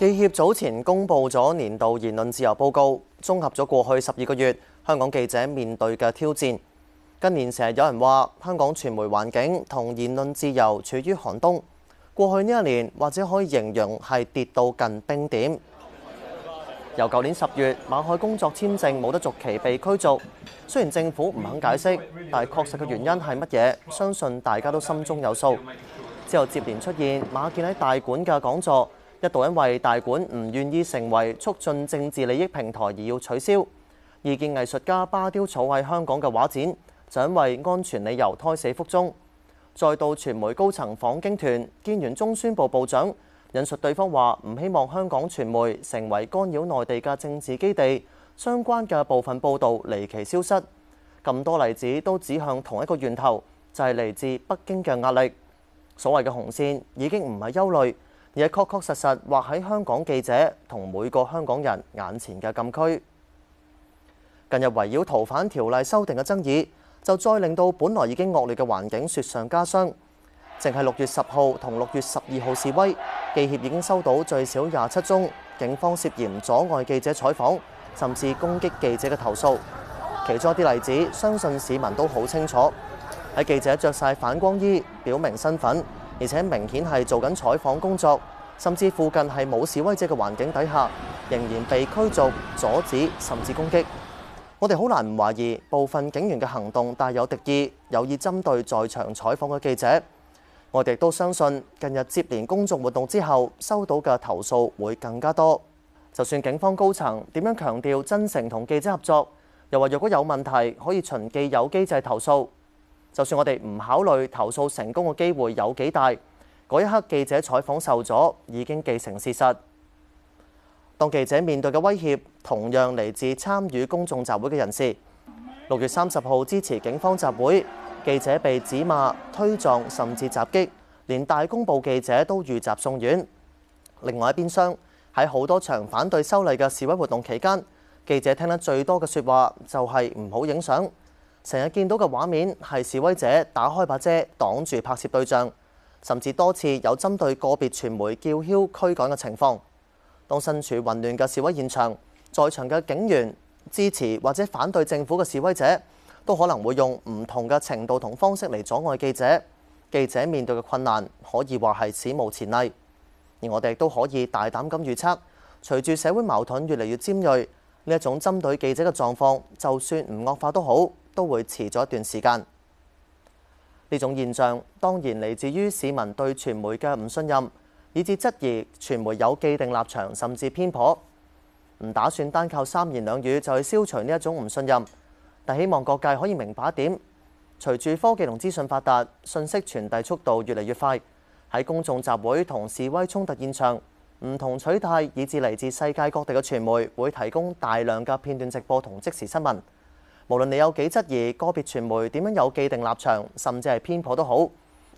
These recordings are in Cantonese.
記協早前公布咗年度言論自由報告，綜合咗過去十二個月香港記者面對嘅挑戰。近年成日有人話香港傳媒環境同言論自由處於寒冬，過去呢一年或者可以形容係跌到近冰點。由舊年十月，馬凱工作簽證冇得續期被驅逐，雖然政府唔肯解釋，但確實嘅原因係乜嘢，相信大家都心中有數。之後接連出現馬建喺大館嘅講座一度因為大館唔願意成為促進政治利益平台而要取消，異見藝術家巴丟草喺香港嘅畫展，就因為安全理由胎死腹中。再到傳媒高層訪京團，見完中宣部部長引述對方話：唔希望香港傳媒成為干擾內地嘅政治基地。相關嘅部分報導離奇消失，咁多例子都指向同一個源頭，就係、是、嚟自北京嘅壓力。所謂嘅紅線已經唔係憂慮。而係確確實實劃喺香港記者同每個香港人眼前嘅禁區。近日圍繞逃犯條例修訂嘅爭議，就再令到本來已經惡劣嘅環境雪上加霜。淨係六月十號同六月十二號示威，記協已經收到最少廿七宗警方涉嫌阻礙記者採訪，甚至攻擊記者嘅投訴。其中一啲例子，相信市民都好清楚。喺記者着晒反光衣，表明身份，而且明顯係做緊採訪工作，甚至附近係冇示威者嘅環境底下，仍然被驅逐、阻止甚至攻擊。我哋好難唔懷疑部分警員嘅行動帶有敵意，有意針對在場採訪嘅記者。我哋亦都相信，近日接連公眾活動之後，收到嘅投訴會更加多。就算警方高層點樣強調真誠同記者合作，又話若果有問題可以循既有機制投訴。就算我哋唔考慮投訴成功嘅機會有幾大，嗰一刻記者採訪受阻已經既成事實。當記者面對嘅威脅，同樣嚟自參與公眾集會嘅人士。六月三十號支持警方集會，記者被指罵、推撞甚至襲擊，連大公報記者都遇襲送院。另外一邊廂，喺好多場反對修例嘅示威活動期間，記者聽得最多嘅說話就係唔好影相。成日見到嘅畫面係示威者打開把遮擋住拍攝對象，甚至多次有針對個別傳媒叫囂驅趕嘅情況。當身處混亂嘅示威現場，在場嘅警員支持或者反對政府嘅示威者，都可能會用唔同嘅程度同方式嚟阻礙記者。記者面對嘅困難可以話係史無前例，而我哋都可以大膽咁預測，隨住社會矛盾越嚟越尖銳，呢一種針對記者嘅狀況，就算唔惡化都好。都會遲咗一段時間。呢種現象當然嚟自於市民對傳媒嘅唔信任，以致質疑傳媒有既定立場，甚至偏頗。唔打算單靠三言兩語就去消除呢一種唔信任，但希望各界可以明白一點，隨住科技同資訊發達，信息傳遞速度越嚟越快。喺公眾集會同示威衝突現場，唔同取態，以至嚟自世界各地嘅傳媒會提供大量嘅片段直播同即時新聞。無論你有幾質疑個別傳媒點樣有既定立場，甚至係偏頗都好，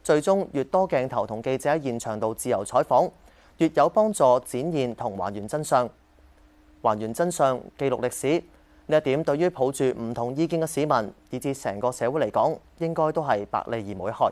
最終越多鏡頭同記者喺現場度自由採訪，越有幫助展現同還原真相，還原真相，記錄歷史，呢一點，對於抱住唔同意見嘅市民以至成個社會嚟講，應該都係百利而無一害。